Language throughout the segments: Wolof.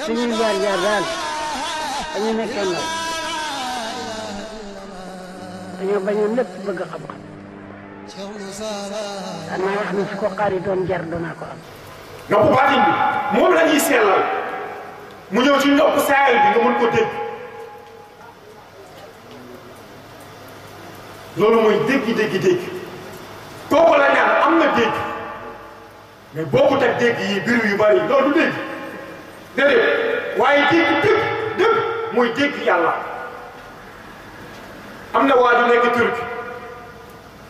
suñuy jaar jaar daal dañu nekkee ndaw dañoo bañoon lépp bëgg xam-xam daan naa wax ko xaar yi doon jar danaa ko mu ñëw ci bi nga mën ko dégg loolu mooy am na dégg mais boo ko teg dégg yi biir yu bari loolu du dégg. déedéet waaye dégg dëgg dëgg mooy dégg yàlla am na waa ju nekk turc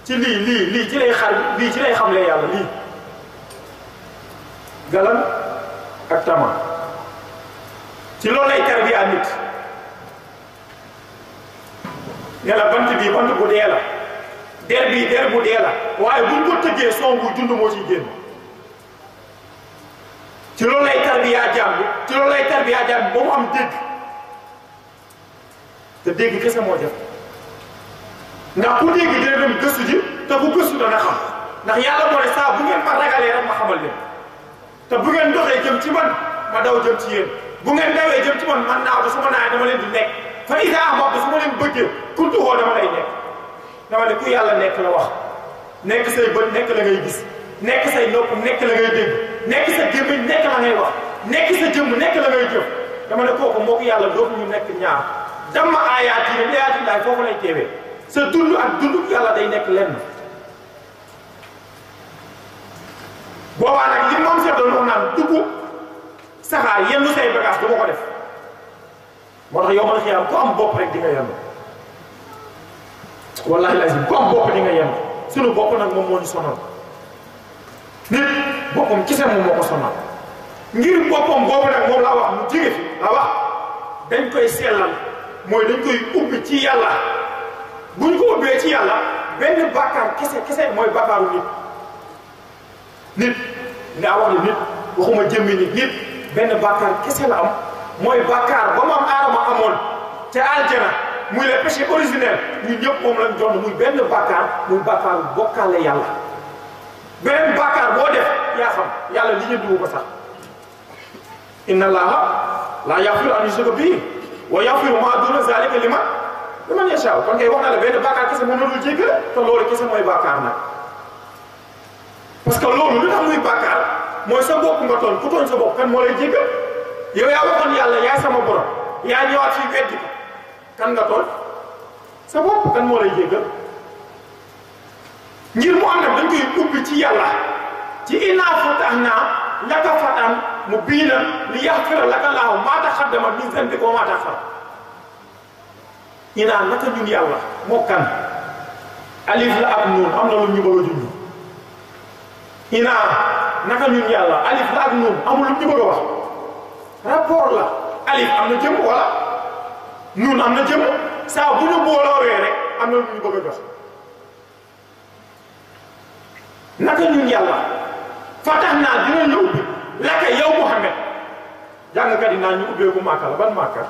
ci lii lii lii ci lay xar lii ci lay xamle yàlla lii galan ak tama ci lool lay tarbiya nit ne la bant bii bant bu dee la der bii der bu dee la waaye buñ ko tëggee son bu dund moo ciy génn ci loolu lay tarbiyaa jaam bi ci loolu lay tarbiyaa jaam bi ba mu am dégg te dégg kese moo jëf ndax ku dégg dina dem gëstu ji te bu gëstu dana xam ndax yàlla moo ne saa bu ngeen ma ragalee rek ma xamal leen te bu ngeen doxee jëm ci man ma daw jëm ci yéen bu ngeen dawee jëm ci man man naaw te su ma naa dama leen di nekk fa idaa amoon su ma leen bëggee kuntu woo dama lay nekk ku yàlla nekk la wax nekk say bët nekk la ngay gis nekk say nopp nekk la ngay dégg nekk sa gémmiñ nekk la ngay nekk sa jëmm nekk la ngay dama ne kooku moo ko yàlla dootuñu nekk ñaar damma aayaat yi ne aayaat yi foofu lay teewee sa dund ak dund yàlla day nekk lenn. boobaa nag li moom seet doon wax naan dugg saxaar yenn say bagage du ko def moo tax yow man xiyam ku am bopp rek di nga yenn wallahi lazim ku bopp di nga yenn sunu bopp nag moom moo ñu sonal boppam kese moom moo ko sonal ngir boppam boobu nag moom laa wax mu jige fi dañ koy sellal mooy dañ koy ubbi ci yàlla bu ñu ko ubbee ci yàlla benn bàkkaar kese kese mooy bàkkaaru nit nit ndaa wax benn bàkkaar kese am mooy bàkkaar ba maam amoon te aljana muy le péché originel ñun ñëpp moom lañ doon muy benn bàkkaar muy bàkkaaru bokkaale yàlla beneen bàkkaar boo def lépp yàlla li ñu ko sax inna allaha laa yaghfiru an yushraka bihi wa yaghfiru ma duna zalika liman liman yasha kon ngay wax na la benn bàkkaar kese moom la dul jéggale te loolu kese mooy bàkkaar nag parce que loolu lu tax muy bàkkaar mooy sa bopp nga tooñ ku tooñ sa bopp kan moo lay jéggal yow yaa yàlla sama borom yaa ñëwaat fii weddi ko kan nga tooñ sa bopp mu am nag dañ koy ci yàlla ci innaa fatahnaa laka fatan mubiinan li yaxfira laka laahu maa taqaddama min zanbika wa maa ta'axxar innaa naka ñun yàlla moo kan alif la ak nuun am na lu ñu bëgg a junj innaa naka ñun yàlla alif la ak nuun amul lu ñu bëgg a wax rapport la alif am na jëm wala nuun bu ñu booloowee rek am na lu ñu bëgg a jox naka ñun yàlla. fatax naa dinañ la ubbi laka yow Muhammad jàngkat yi naa ñu ubbeeku Màkka la ban Màkka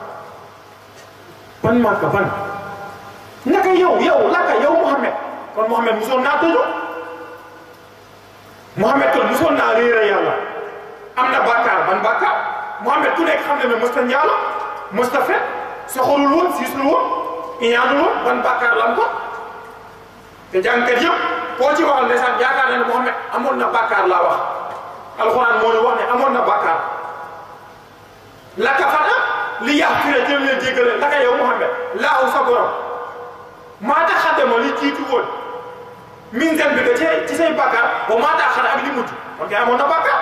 ban Màkka ban naka yow yow laka yow Muhammad kon Muhammad musoon naa tëju Muhammad kon musoon naa réere yàlla am na bàkkaar ban bàkkaar Muhammad ku nekk xam ne ne mësta njaalo mësta siis lu woon ban bàkkaar lam ko te jàngkat yëpp koo ci waxal ndeysaan yaakaar na ne Muhammad amoon na bàkkaar laa wax alxuraan moo amoon na bàkkaar la ka fata li yaxfira jëm leen jéggale la ka yow Muhammad laaw sa borom maa tax xadama li jiitu woon min dem bi nga ci say bàkkaar ba maa tax xana ak li mujj kon kay amoon na bàkkaar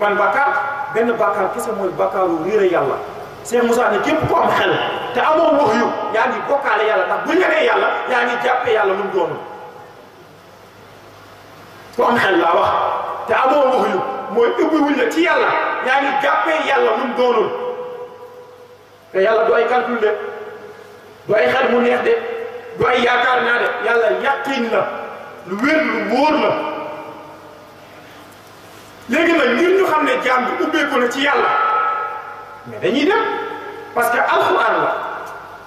ban bàkkaar benn bàkkaar kese mooy bàkkaaru réere yàlla Sëñ Moussa ne képp ko am xel te amoo wax yu yaa ngi bokkaale yàlla ndax bu ñëwee yàlla yaa ngi jàppee yàlla lu mu ku am xel laa wax te amoo waxuyu mooy ubbi wuñ la ci yàlla yaa ngi jàppee yàlla mun doonul te yàlla du ay calcul de du ay xel mu neex de du ay yaakaar naa de yàlla yàqin la lu wér lu wóor la léegi nag ngir ñu xam ne jaam bi ubbeeku na ci yàlla mais dañuy dem parce que alxuraan la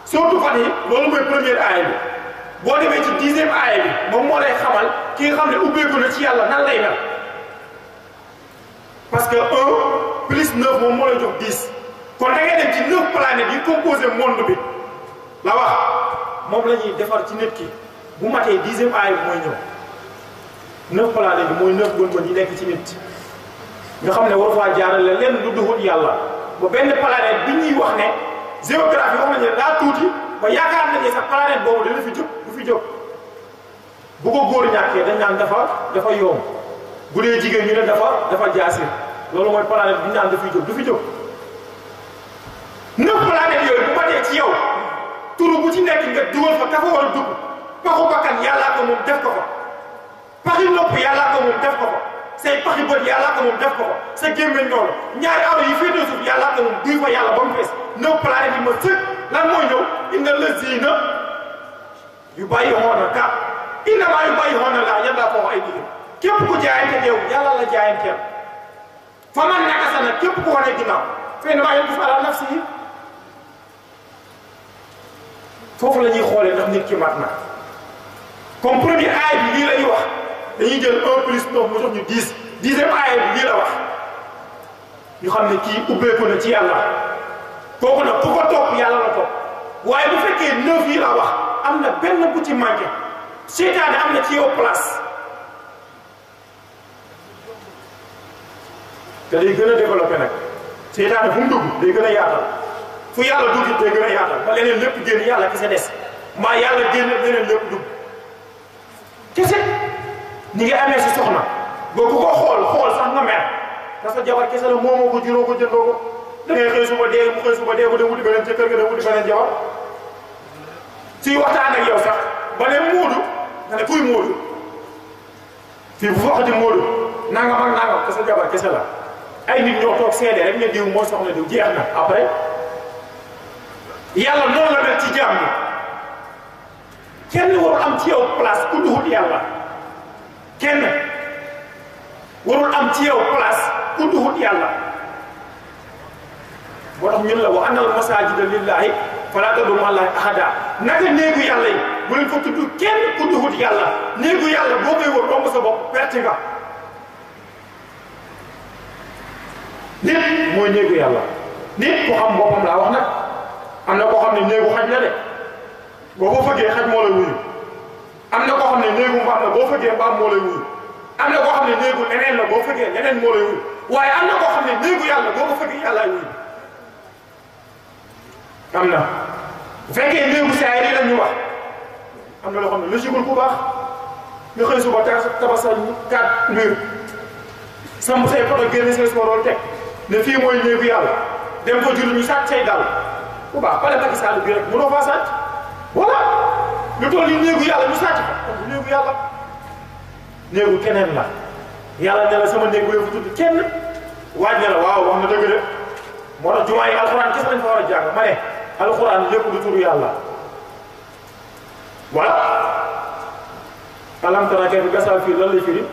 surtout fan yi loolu mooy première aaya bi Si vous ci 10 bi mo lay na ci nan parce que 1 plus neuf mon moo lay jox dix kon da ngay dem neuf planètes composé monde bi la wax mom lañuy défar ci nit ki bu dixième 9 bi neuf planètes bi mooy neuf gën yi nek ci nit nga xamné war benn planète bi ñuy wax géographie ba planète jóg bu ko góor ñàkkee dañ naan dafa dafa yomb bu dee jigéen ñu ne dafa dafa jaasir loolu mooy planète bi ñu naan jóg du fi jóg neuf planètes yooyu bu matee ci yow turu bu ci nekk nga dugal fa ka fa war a dugg paxu bakkan yàllaa ko moom def ko fa paxi nopp ko def ko fa say paxi bët yàllaa ko moom def ko fa sa gémmiñ loolu ñaari aw yi féetee suuf yàllaa ko moom duy fa yàlla ba mu fees neuf planètes yi ma sëkk lan mooy ñëw inna lazina yu bàyyi xoona ka innama yu bàyyi xoona laa ñan daa foofu ay digg képp ku jaayante yow yàlla la jaayanteel fa man nakasa nag képp ku wane ginnaaw fa innamaa yankusu alaa nafsihi foofu la ñuy xoolee ndax nit ki mat na comme premier aay bi lii la ñuy wax dañuy jël un plus neuf mu jox ñu dix dixième aay bi lii la wax ñu xam ne kii ubbeeku na ci yàlla kooku nag ku ko topp yàlla la topp waaye bu fekkee neuf yi la wax. am na benn bu ci manqué seytaane am na ci yow place te day gën a développé nag seytaane fu mu dugg day gën a yaatal fu yàlla dugg day gën a yaatal ba leneen lépp génn yàlla kese des mbaa yàlla génn leneen lépp dugg kese ni ngi amee si soxna boo ku ko xool xool sax nga mer parce que jabar kese la moomoo ko juróo ko jëndoo ko da xëy suba dee mu xëy suba dee bu dem wuti beneen ca kër ga dem wuti beneen jabar suy waxtaan ak yow sax ba ne muudu nga ne kuy muudu fii bu waxati muudu nangam ak nangam kese jabar kese la ay nit ñoo toog seede rek ne diw moo soxla diw jeex na après yàlla noonu la mel ci jaam ñi kenn warul am ci yow place ku duhut yàlla kenn warul am ci yow place ku duhut yàlla moo tax ñun la wa anal masajida lillahi falaa tad'u ma'a llaahi ahadaa naka néegu yàlla yi bu leen fa tudd kenn ku duhut yàlla néegu yàlla boo koy wër romb sa bopp perte nga nit mooy néegu yàlla nit ku xam boppam laa wax nag am na koo xam ne néegu xaj la de boo ko fëggee xaj moo lay am na koo xam ne néegu mbaam la boo fëggee mbaam moo am na koo xam ne néegu leneen a boo fëggee leneen moo lay waaye am na koo xam ne néegu yàlla boo ko fëggee yàlla wuyu am na bu fekkee néegu saa yi la ñu wax am na loo xam ne logique bu baax nga xëy suba tabax sa quatre mur samp say poto génne say sorool teg ne fii mooy néegu yàlla dem ko jur ñu sàcc bu baax pare Macky Sall bi rek mënoo faa sàcc voilà lu toll nii néegu yàlla ñu sàcc keneen la yàlla ne la sama néeg boobu tudd kenn waaj ne la waaw wax na dëgg de moo tax jumaa yi alxuraan kese lañ fa war a jàng ma alxuraan lépp du turu yàlla waaw alam tara kayfa gasal fii lan la firi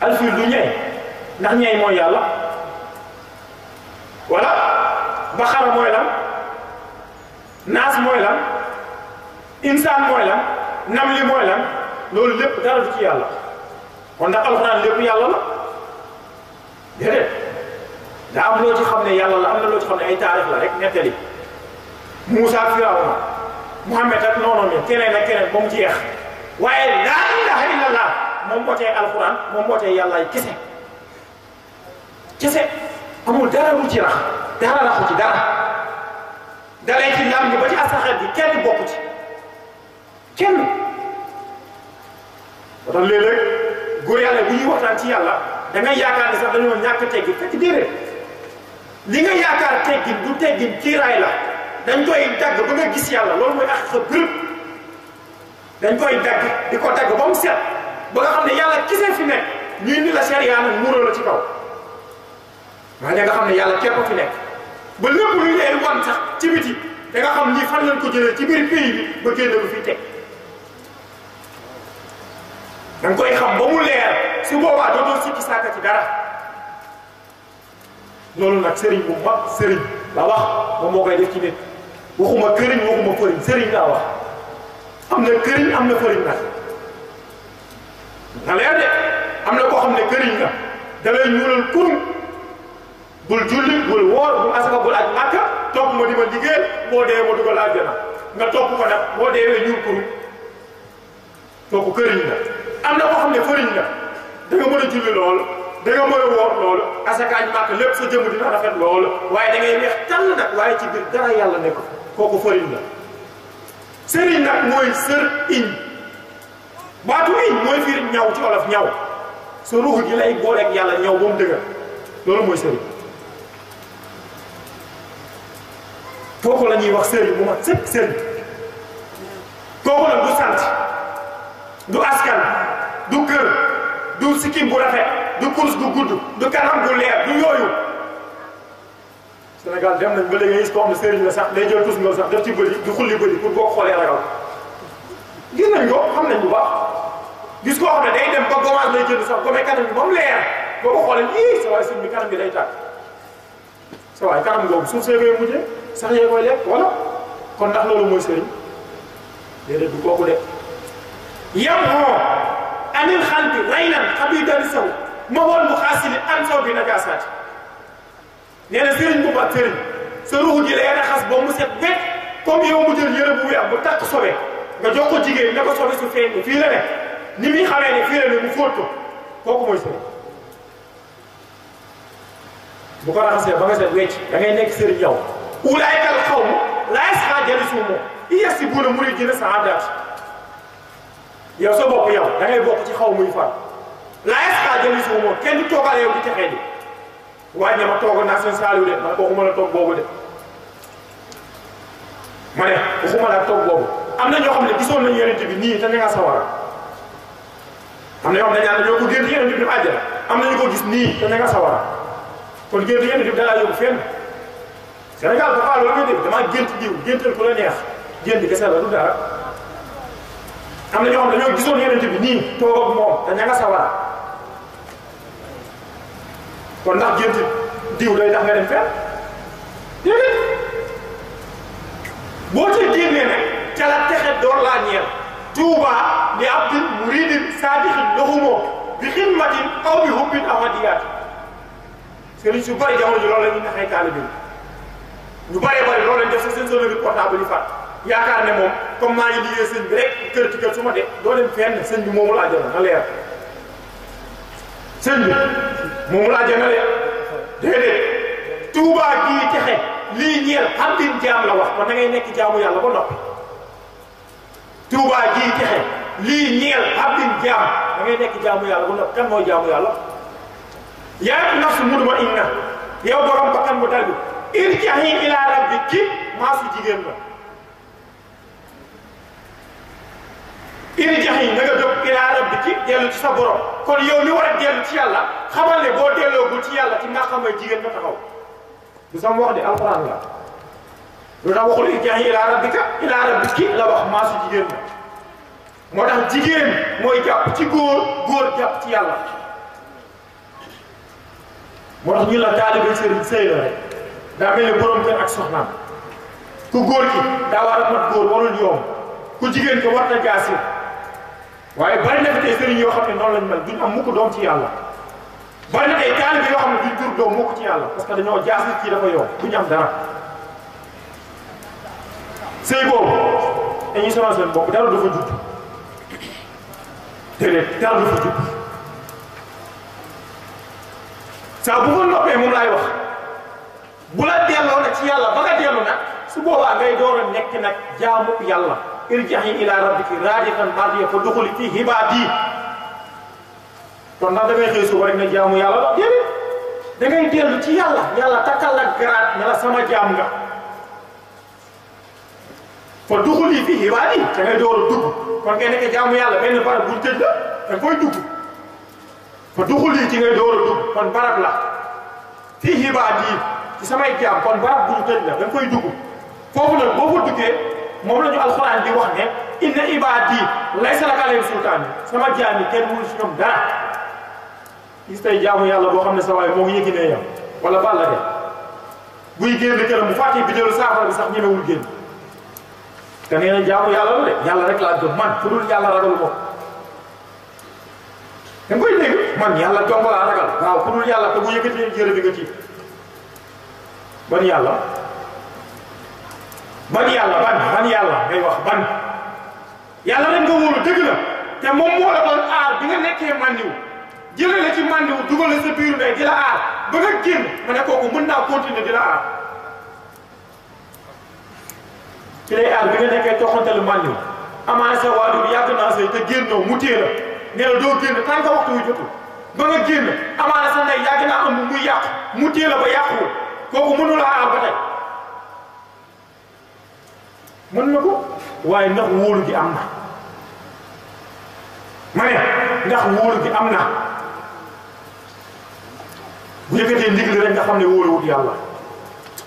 al fii du ñey ndax ñey mooy yàlla wala baxara mooy lan naas mooy lan insaan mooy lan nam li mooy lan loolu lépp dara du ci yàlla kon ndax alxuraan lépp yàlla la déedéet daa am loo ci xam ne yàlla la am na loo ci xam ne ay taarix la rek nettali Moussa Firawna Muhammad ak noonu ne keneen ak keneen ba mu jeex waaye laa ilaha illallah moom bootee alquran moom bootee yàllaay kese kese amul dara lu ci rax dara raxu ci dara dalee ci ndam bi ba ci asaxeet bi kenn bokku ci kenn wata léeg-léeg góor yàlla bu ñuy waxtaan ci yàlla da ngay yaakaar ne sax dañoo ñàkk teggin fekk déedéet li nga yaakaar teggin du teggin kiiraay la dañ koy dagg ba nga gis yàlla loolu mooy ak sa bërëb dañ koy dagg di ko dagg ba mu set ba nga xam ne yàlla kese fi nekk ñuy ni la sariya nag muuroo la ci kaw waaye nga xam ne yàlla képp fi nekk ba lépp luy leen wan sax ci biti da nga xam lii fan lañ ko jëlee ci biir pays bi ba génn lu fi teg da nga koy xam ba mu leer su boobaa dootoo sikki sàkka ci dara loolu nag sëriñ bu mag la wax moom moo koy def ci nit waxuma këriñ waxuma fëriñ sëriñ laa wax am na këriñ am na fëriñ nag nga leer na koo xam ne këriñ nga da lay ñuulal kurum bul julli bul woor bul asaka bul aj màkka topp ma di ma liggéey boo dee ma dugal àjjana nga topp ko nag boo deewee ñuul kurum kooku këriñ nga am na koo xam ne fëriñ nga da nga mën a julli lool da nga mën a woor loolu asaka aj màkka lépp sa jëmm dina rafet loolu waaye da ngay neex tàll nag waaye ci biir dara yàlla nekk kooku fëriñ la sëriñ nag mooy sër iñ baatu iñ mooy fiir ñaw ci olof ñaw sa ruux gi lay booleeg yàlla ñaw ba mu dëgër loolu mooy sëriñ kooku la ñuy wax sëriñ bu ma sëpp sëriñ kooku la du sant du askan du kër du sikkim bu rafet du kurus gu gudd du kanam gu leer du yooyu Sénégal dem nañ ba léegi nga gis koo sëriñ la sax day jël tous ngol sax def ci bëri du xulli bëri pour boo xoolee ragal gis nañ ko xam nañ bu baax gis koo xam ne day dem ba gommage lay jënd sax gommee kanam bi moom leer boo ko xoolee yii sa waay sëñ bi kanam bi day tàkk sa waay kanam googu suuf see koy mujjee sax yee koy lekk wala kon ndax loolu mooy sëriñ déedéet du kooku de yam moo anil xal bi raynan xabiy dali saw ma woon mu xaasili an saw bi nagaasaati nee na sëriñ bu mat sëriñ sa ruuxu ji lay raxas ba mu set wet comme yow mu jël yëre bu weex bu takk sobe nga jox ko jigéen ne ko sobe su feeñ fii la ne ni muy xamee ne fii la ne mu fóot ko kooku mooy sëriñ bu ko raxasee ba nga set wecc da ngay nekk sëriñ yow ulaayka al qawm laa yasqa jalisuhum yasibuuna muridiina sa'aadat yow sa bopp yow da ngay bokk ci xaw muy far laa yasqa jalisuhum kenn toogal yow di texee di waa ñama toogoon naa seen saaliw de man waxuma la toog boobu de ma ne waxuma la toog boobu am na ñoo xam ne gisoon nañu yonent bi nii te ña nga sawara am na ñoo xam ne ñaan ñoo ko gént yonent bi dem àjjana am na ñu ko gis nii te ña nga sawara kon gént yonent bi dalaa yóbbu fenn Sénégal dafa loolu nga dégg damaa gént diw géntal ku la neex gént kese la du dara am na ñoo xam ne ñoo gisoon yonent bi nii toog ak moom te ña nga sawara kon ndax gént diw day tax nga dem fenn déedéet boo ci génnee nag ca la texe door laa ñeel tuuba li abdin muridin saadixin lahumoo bi xidmatin aw bi hubbin awadiyaat sëriñ su bari jamono ji loolu la ñuy naxee taalibe ñu bëree bëri loolu lañ def sax seen bi portable yi fàtt yaakaar ne moom comme maa ngi liggéey sëñ bi rek kër ci kër su ma de doo dem fenn sëñ bi moomu laa jëloon na leer sëñ bi. moomul àjjana de déedéet tuubaa gii texe lii ñeel xam din jaam la wax kon da ngay nekk jaamu yàlla ba noppi tuubaa gii texe lii ñeel xam din jaam da nekk jaamu yàlla ba noppi kan mooy jaamu yàlla yaa nafsu mudma inna yow borom bakkan bu dal bi irjahi ila rabbiki maasu jigéen la irjahi dellu ci sa borom kon yow mi war a dellu ci yàlla xamal ne boo delloogul ci yàlla ci nga xam jigéen nga taxaw du sama wax de alxuraan la lu tax waxul irji'i ilaa rabbika ilaa rabbiki la wax maasu jigéen moo tax jigéen mooy jàpp ci góor góor jàpp ci yàlla moo tax ñu la taalibe sëriñ sëy la daa mel ni borom kër ak soxnaam ku góor ki daa war a mat góor warul yomb ku jigéen ko war na jaasir waaye bari na fi ay sëriñ yoo xam ne noonu lañ mel duñ am mukk doom ci yàlla bari na ay taalibe yoo xam ne duñ jur doom mukk ci yàlla parce que dañoo jaas nit ci dafa yow duñ am dara sëy boobu dara du fa jub déedéet dara du fa jub saa bu ko noppee moom laay wax bu la delloo nag ci yàlla ba nga dellu nag su boobaa ngay door a nekk nag jaamu yàlla irjahi ila rabbiki raadiyatan mardiyyatan fadxuli fi ibaadi kon ndax da ngay xëy suba rek ne jaamu yàlla la déedéet da ngay dellu ci yàlla yàlla takkal la garaat ne la sama jaam nga fadxuli fi ibaadi da ngay door a dugg kon ngay nekk jaamu yàlla benn barab bu tëj la da koy dugg fadxuli ci ngay a dugg fi samay jaam kon barab bu tëj la da koy foofu nag boo duggee. moom lañu ñu alxuraan di wax ne inna ibaadi laysa laka alayhim sultaan sama jaam yi kenn mënu si ñoom dara gis tey jaamu yàlla boo xam ne sa waay moo ngi yëgi ne yow wala balla de buy génn këram bu fàttee bidéelu saafara bi sax ñemewul génn te nee na jaamu yàlla la de yàlla rek laa gëm man fu dul yàlla ragalu ko da nga koy dégg man yàlla dong laa ragal waaw fu dul yàlla te bu yëkkatee jërë bi nga ci ban yàlla ban yàlla ban ban yàlla ngay wax ban yàlla rek nga wóolu dëgg la te moom moo la doon aar bi nga nekkee màndiw jëlee la ci màndiw dugal la sa biiru ndey di la aar ba mën naa continuer di la aar bi nga nekkee joxantal màndiw amaana sa waajur yàgg naa say te génnoo mu téye la ne la doo génn tant que waxtu wi jotul ba nga génn amaana sa ndey yàgg naa am muy yàqu mu téye la ba yàquwul kooku mënu la aar ba mën na ko waaye ndax wóolu gi am na ma ne ndax wóolu gi am na bu yëkkatee ndigal rek nga xam ne wóoluwut yàlla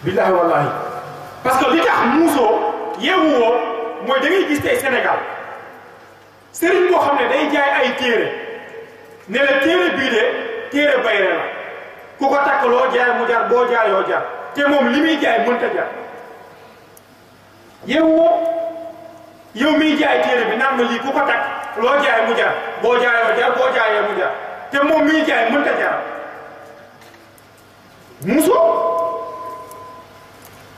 billaahi wallaahi parce que li tax muusoo yeewuwoo mooy da ngay gis tey Sénégal sëriñ boo xam ne day jaay ay téere ne la téere bii de téere bayre la ku ko takk loo jaay mu jar boo jaayoo jar te moom li muy jaay mënta jar yow woo yow miy jaay téere bi naan ma lii ku ko takk loo jaay mu jar boo jaayoo jar boo jaayee mu jar te moom miy jaay mënta jar muso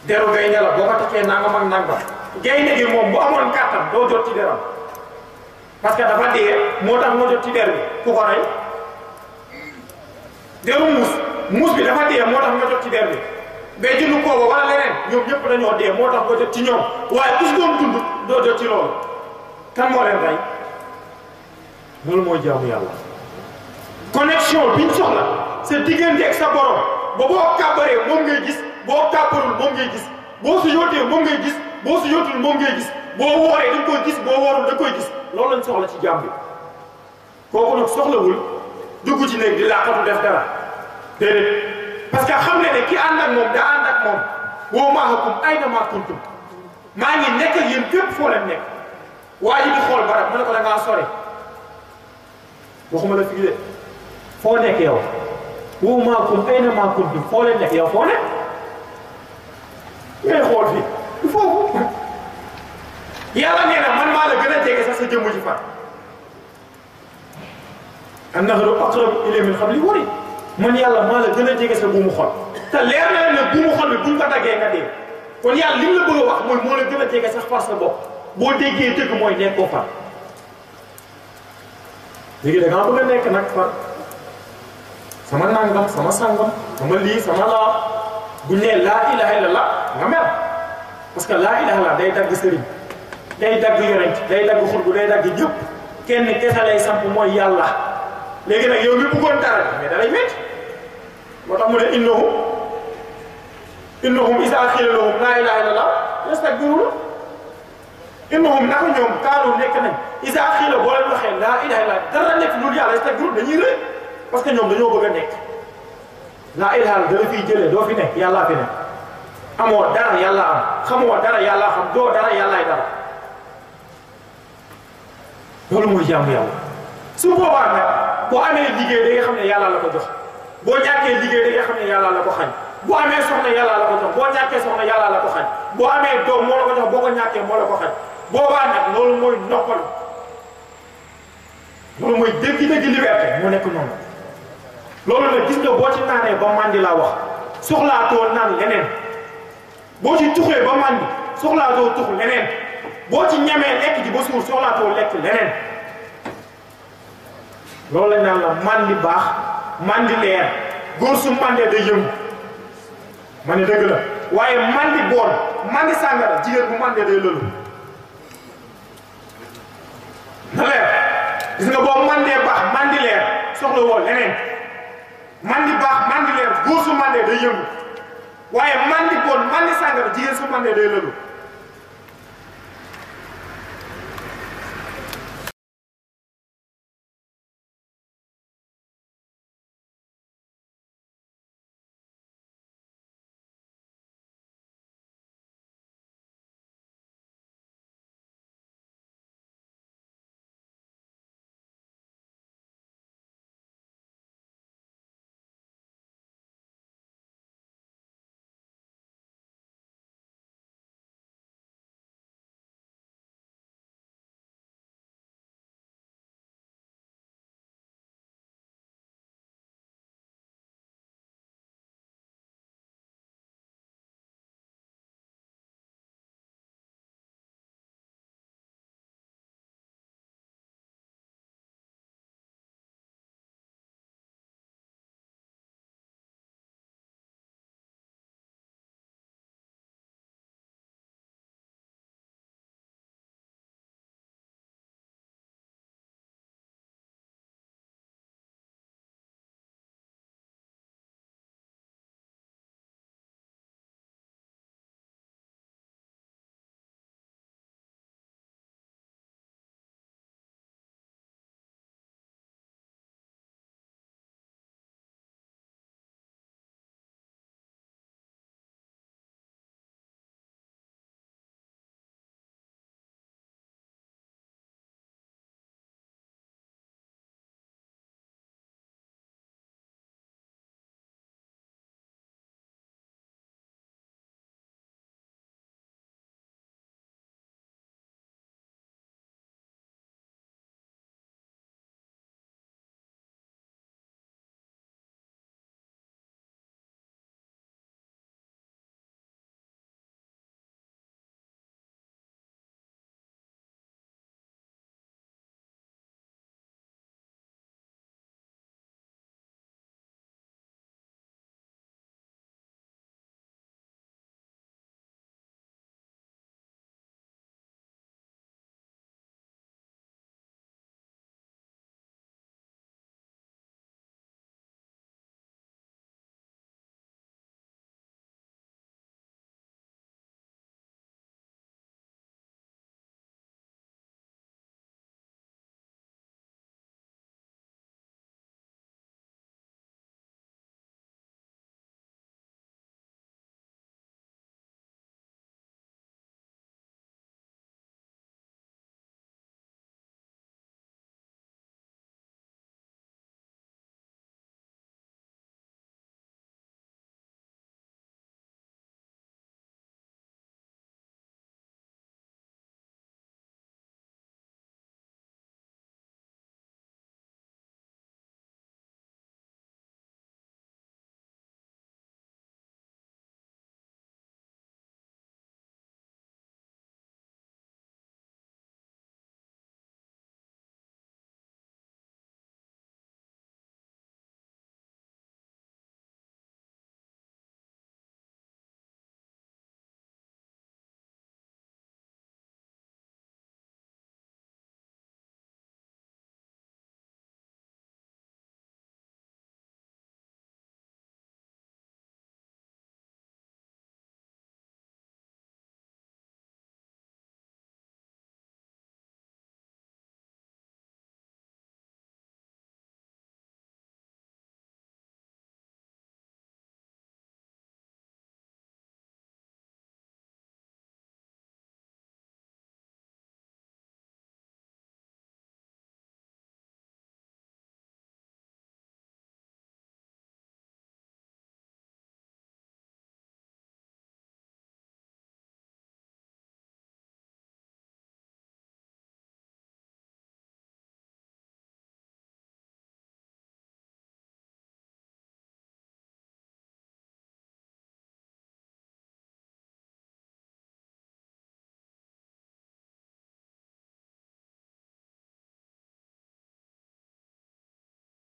deru gaynde la boo ko takkee nangam ak nangam gaynde gi moom bu amoon kàttan doo jot ci deram parce que dafa dee moo tax moo jot ci der bi ku ko rey deru muus muus bi dafa dee moo tax nga jot ci der bi ngay jënd kooba wala leneen ñoom ñëpp dañoo dee moo tax nga jot ci ñoom waaye ku si doon dund doo jot ci loolu kan moo leen rey loolu mooy jaamu yàlla connexion bi ñu soxla sa diggante ak sa borom ba boo kàbbaree boo kàbbarul moom ngay gis boo su yootee moom ngay gis boo su yootul moom ngay gis boo wooree da nga koy gis boo woorul da koy gis loolu lañ soxla ci jàmm bi kooku nag soxlawul dugg ci néeg di làqatu def dara déedéet parce que xamné ne ki ànd ak mom da ànd ak mom wo ma ay ayna ma kuntum ma ngi nek ak yéen fépp fo leen nek waji ji di xool barab mu ko da nga sori waxuma la fi de fo nek yow wo ma ay ayna ma kuntum fo leen nek yow fo nekk ngay xol fi fo yàlla né na man ma la gëna a jege sax sa jëmm ci fa annahu aqrabu ilayhi min qabli warid man yàlla maa la gëna a jege sa mu xol te lér na ne bu mu xol bu buñ ko daggee nga dé kon yàlla lim la bëgg wax moy mo la gëna a jege sax far sa bopp boo déggee dëgg mooy nekkoo far léegi da ngaa bëgg a nekk nag sama nangam sama sangam sama lii sama laa buñ nee laa ilaha illallah nga mer parce que laa ilaha illallah day dagg sëriñ day dagg yonent day dagg xutbu day dagg ñëpp kenn kese samp mooy yàlla léegi nag yow mi bëggoon dara mu ne innahum innahum isa xiila lahum laa ilaha illa allah yastakbiruuna innahum naka ñoom kaanu nekk nañ isa xiila boo leen waxee laa ilaha illa dara dañuy rëy parce que ñoom dañoo bëgg nekk laa ilaha illa dala fiy jëlee doo fi nekk yàllaa fi nekk amoo dara yàlla am xamoo dara yàlla xam doo dara yàllaay dara loolu mooy jaamu yàlla su boobaa nag boo amee liggéey da xam ne yàlla la ko boo ñàkkee liggéey da nga xam ne yàlla la ko xañ boo amee soxna yàlla la ko jox boo ñàkkee soxna yàlla la ko xañ boo amee doom moo la ko jox boo ko ñàkkee moo la ko xañ boobaa nag loolu mooy noppalu loolu mooy dégg-dégg liberté moo nekk noonu loolu nag gis nga boo ci naanee ba màndi laa wax soxlaatoo naan leneen boo ci tuxee ba màndi soxlaatoo tux leneen boo ci ñamee lekk ji ba suur soxlaatoo lekk leneen loolu lañ naan la màndi baax mandi leer góor su mandee day yëngu ma ne dëgg la waaye mandi bool mandi sàngara jigéen bu mandee day lëlu na leer gis nga boo mandee baax mandi leer soxla woo leneen mandi baax mandi leer góor su mandee day yëngu waaye mandi bool mandi sàngara jigéen su mandee day lëlu